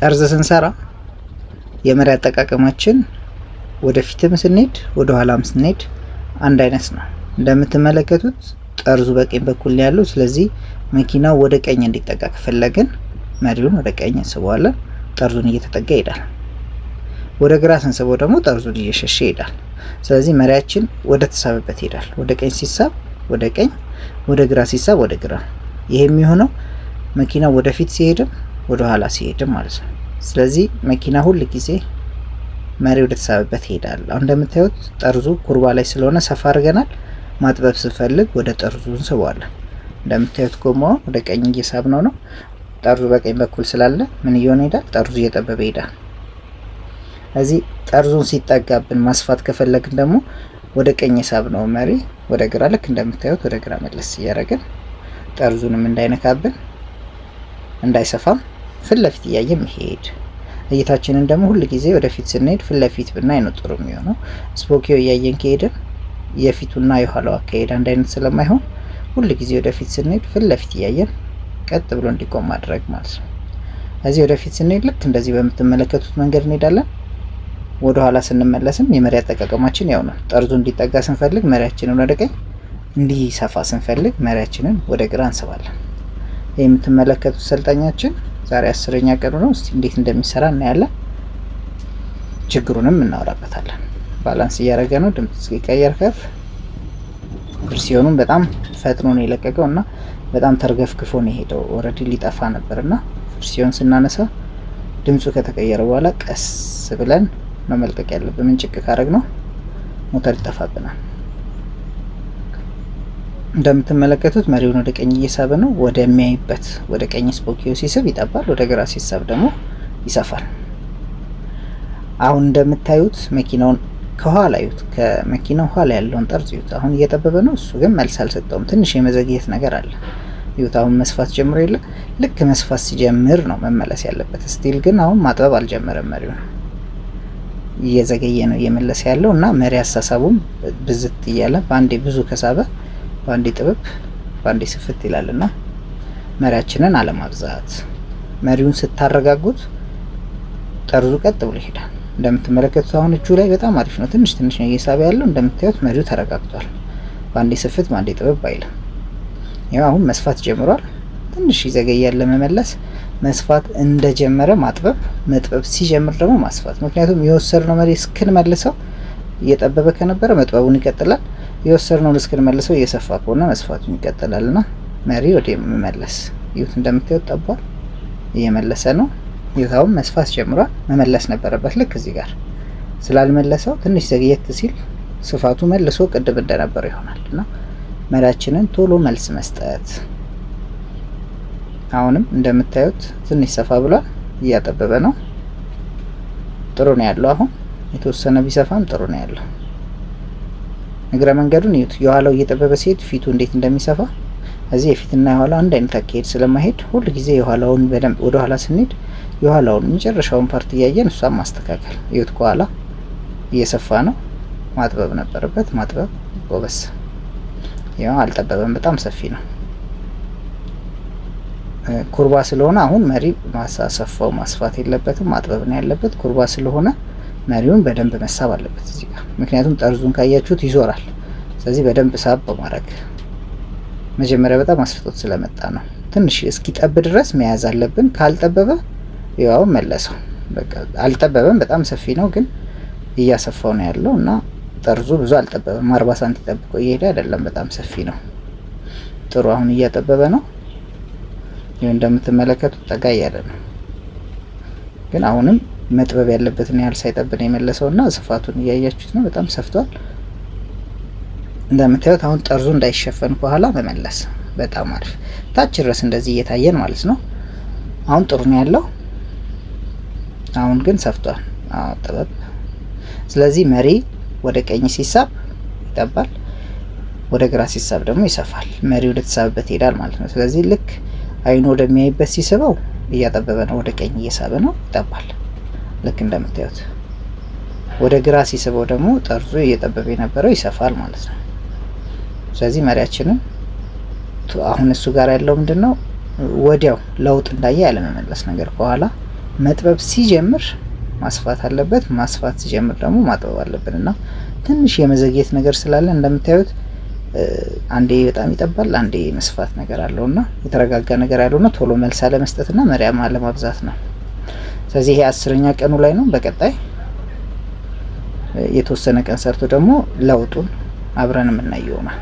ጠርዝ ስንሰራ የመሪ አጠቃቀማችን ወደፊትም ስንሄድ ወደ ኋላም ስንሄድ አንድ አይነት ነው። እንደምትመለከቱት ጠርዙ በቀኝ በኩል ነው ያለው። ስለዚህ መኪናው ወደ ቀኝ እንዲጠጋ ከፈለግን መሪውን ወደ ቀኝ እንስበዋለን። ጠርዙን እየተጠጋ ይሄዳል። ወደ ግራ ስንስበው ደግሞ ጠርዙን እየሸሸ ይሄዳል። ስለዚህ መሪያችን ወደ ተሳበበት ይሄዳል። ወደ ቀኝ ሲሳብ ወደ ቀኝ፣ ወደ ግራ ሲሳብ ወደ ግራ። ይሄ የሚሆነው መኪናው ወደፊት ሲሄድም ወደ ኋላ ሲሄድም ማለት ነው። ስለዚህ መኪና ሁል ጊዜ መሪ ወደ ተሳበበት ይሄዳል። አሁን እንደምታዩት ጠርዙ ኩርባ ላይ ስለሆነ ሰፋ አድርገናል። ማጥበብ ስንፈልግ ወደ ጠርዙ እንስበዋለን። እንደምታዩት ጎማ ወደ ቀኝ እየሳብ ነው ነው ጠርዙ በቀኝ በኩል ስላለ ምን እየሆነ ይሄዳል? ጠርዙ እየጠበበ ይሄዳል። እዚህ ጠርዙን ሲጠጋብን ማስፋት ከፈለግን ደግሞ ወደ ቀኝ ሳብ ነው መሪ ወደ ግራ ልክ እንደምታዩት ወደ ግራ መለስ እያደረግን ጠርዙንም እንዳይነካብን እንዳይሰፋም ፊት ለፊት እያየ መሄድ እይታችንን ደግሞ ሁል ጊዜ ወደፊት ስንሄድ ፊት ለፊት ብናይ ነው ጥሩ የሚሆነው። ስፖኪዮ እያየን ከሄድን የፊቱና የኋላው አካሄድ አንድ አይነት ስለማይሆን ሁል ጊዜ ወደፊት ስንሄድ ፊት ለፊት እያየን ቀጥ ብሎ እንዲቆም ማድረግ ማለት ነው። እዚህ ወደፊት ስንሄድ ልክ እንደዚህ በምትመለከቱት መንገድ እንሄዳለን። ወደ ኋላ ስንመለስም የመሪ አጠቃቀማችን ያው ነው። ጠርዙ እንዲጠጋ ስንፈልግ መሪያችንን ወደ ቀኝ፣ እንዲሰፋ ስንፈልግ መሪያችንን ወደ ግራ እንስባለን። የምትመለከቱት ሰልጣኛችን ዛሬ አስረኛ ቀኑ ነው። እስቲ እንዴት እንደሚሰራ እናያለን። ችግሩንም እናወራበታለን። ባላንስ እያደረገ ነው። ድምፅ ሲቀየር ከፍ ሲሆኑም በጣም ፈጥኖ ነው የለቀቀው እና በጣም ተርገፍክፎ ነው የሄደው። ኦልሬዲ ሊጠፋ ነበር እና ፍርሲዮን ስናነሳ ድምፁ ከተቀየረ በኋላ ቀስ ብለን መመልቀቅ ያለብን። ጭቅ ካረግ ነው ሞተር ይጠፋብናል። እንደምትመለከቱት መሪውን ወደ ቀኝ እየሳበ ነው። ወደሚያይበት ወደ ቀኝ ስፖኪዮ ሲስብ ይጠባል፣ ወደ ግራ ሲሳብ ደግሞ ይሰፋል። አሁን እንደምታዩት መኪናውን ከኋላ ዩት፣ ከመኪናው ኋላ ያለውን ጠርዝ ዩት። አሁን እየጠበበ ነው፣ እሱ ግን መልስ አልሰጠውም። ትንሽ የመዘግየት ነገር አለ። ዩት አሁን መስፋት ጀምሮ የለ። ልክ መስፋት ሲጀምር ነው መመለስ ያለበት። ስቲል ግን አሁን ማጥበብ አልጀመረም። መሪው ነው እየዘገየ ነው እየመለሰ ያለው እና መሪ አሳሳቡም ብዝት እያለ በአንዴ ብዙ ከሳበ በአንዴ ጥበብ በአንዴ ስፍት ይላልና መሪያችንን አለማብዛት። መሪውን ስታረጋጉት ጠርዙ ቀጥ ብሎ ይሄዳል። እንደምትመለከቱት አሁን እጁ ላይ በጣም አሪፍ ነው። ትንሽ ትንሽ ነው እየሳበ ያለው። እንደምታዩት መሪው ተረጋግቷል። በአንዴ ስፍት በአንዴ ጥበብ አይልም። ያው አሁን መስፋት ጀምሯል። ትንሽ ይዘገያል ለመመለስ። መስፋት እንደጀመረ ማጥበብ፣ መጥበብ ሲጀምር ደግሞ ማስፋት። ምክንያቱም የወሰድነው መሪ እስክንመልሰው እየጠበበ ከነበረ መጥበቡን ይቀጥላል። የወሰድነው ነው መልሰው እየሰፋ ከሆነ መስፋቱን ይቀጥላል። ና መሪ ወደ መመለስ ይሁት እንደምታዩት ጠቧል፣ እየመለሰ ነው። ይሁታውም መስፋት ጀምሯል። መመለስ ነበረበት ልክ እዚህ ጋር ስላልመለሰው ትንሽ ዘግየት ሲል ስፋቱ መልሶ ቅድም እንደነበረ ይሆናል። ና መሪያችንን ቶሎ መልስ መስጠት። አሁንም እንደምታዩት ትንሽ ሰፋ ብሏል፣ እያጠበበ ነው። ጥሩ ነው ያለው አሁን የተወሰነ ቢሰፋም ጥሩ ነው ያለው። እግረ መንገዱን እዩት። የኋላው እየጠበበ ሲሄድ ፊቱ እንዴት እንደሚሰፋ እዚህ የፊትና የኋላ አንድ አይነት አካሄድ ስለማሄድ ሁል ጊዜ የኋላውን በደንብ ወደ ኋላ ስንሄድ የኋላውን መጨረሻውን ፓርት እያየን እሷን ማስተካከል እዩት። ከኋላ እየሰፋ ነው። ማጥበብ ነበረበት። ማጥበብ ጎበስ። ያው አልጠበበም። በጣም ሰፊ ነው። ኩርባ ስለሆነ አሁን መሪ ማሳሰፋው ማስፋት የለበትም ማጥበብ ነው ያለበት። ኩርባ ስለሆነ መሪውን በደንብ መሳብ አለበት እዚህ ጋር ምክንያቱም ጠርዙን ካያችሁት ይዞራል። ስለዚህ በደንብ ሳብ በማድረግ መጀመሪያ በጣም አስፍቶት ስለመጣ ነው። ትንሽ እስኪጠብ ድረስ መያዝ አለብን። ካልጠበበ ያው መለሰው። በቃ አልጠበበም፣ በጣም ሰፊ ነው ግን እያሰፋው ነው ያለው እና ጠርዙ ብዙ አልጠበበም። አርባ ሳንቲ ጠብቆ እየሄደ አይደለም፣ በጣም ሰፊ ነው። ጥሩ አሁን እያጠበበ ነው። ይህ እንደምትመለከቱት ጠጋ እያለ ነው ግን አሁንም መጥበብ ያለበትን ያህል ሳይጠብን የመለሰው እና ስፋቱን እያያችሁት ነው። በጣም ሰፍቷል እንደምታዩት። አሁን ጠርዙ እንዳይሸፈን በኋላ መመለስ በጣም አሪፍ። ታች ድረስ እንደዚህ እየታየን ማለት ነው። አሁን ጥሩ ነው ያለው። አሁን ግን ሰፍቷል። አዎ ጥበብ። ስለዚህ መሪ ወደ ቀኝ ሲሳብ ይጠባል፣ ወደ ግራ ሲሳብ ደግሞ ይሰፋል። መሪ ወደ ተሳብበት ይሄዳል ማለት ነው። ስለዚህ ልክ አይኑ ወደሚያይበት ሲስበው እያጠበበ ነው፣ ወደ ቀኝ እየሳበ ነው፣ ይጠባል። ልክ እንደምታዩት ወደ ግራ ሲስበው ደግሞ ጠርዙ እየጠበበ የነበረው ይሰፋል ማለት ነው። ስለዚህ መሪያችንም አሁን እሱ ጋር ያለው ምንድን ነው? ወዲያው ለውጥ እንዳየ ያለመመለስ ነገር፣ ከኋላ መጥበብ ሲጀምር ማስፋት አለበት፣ ማስፋት ሲጀምር ደግሞ ማጥበብ አለብን እና ትንሽ የመዘግየት ነገር ስላለ እንደምታዩት አንዴ በጣም ይጠባል፣ አንዴ መስፋት ነገር አለውና የተረጋጋ ነገር ያለውና ቶሎ መልስ አለመስጠትና መሪያም አለማብዛት ነው። ስለዚህ ይሄ አስረኛ ቀኑ ላይ ነው። በቀጣይ የተወሰነ ቀን ሰርቶ ደግሞ ለውጡን አብረን የምናየው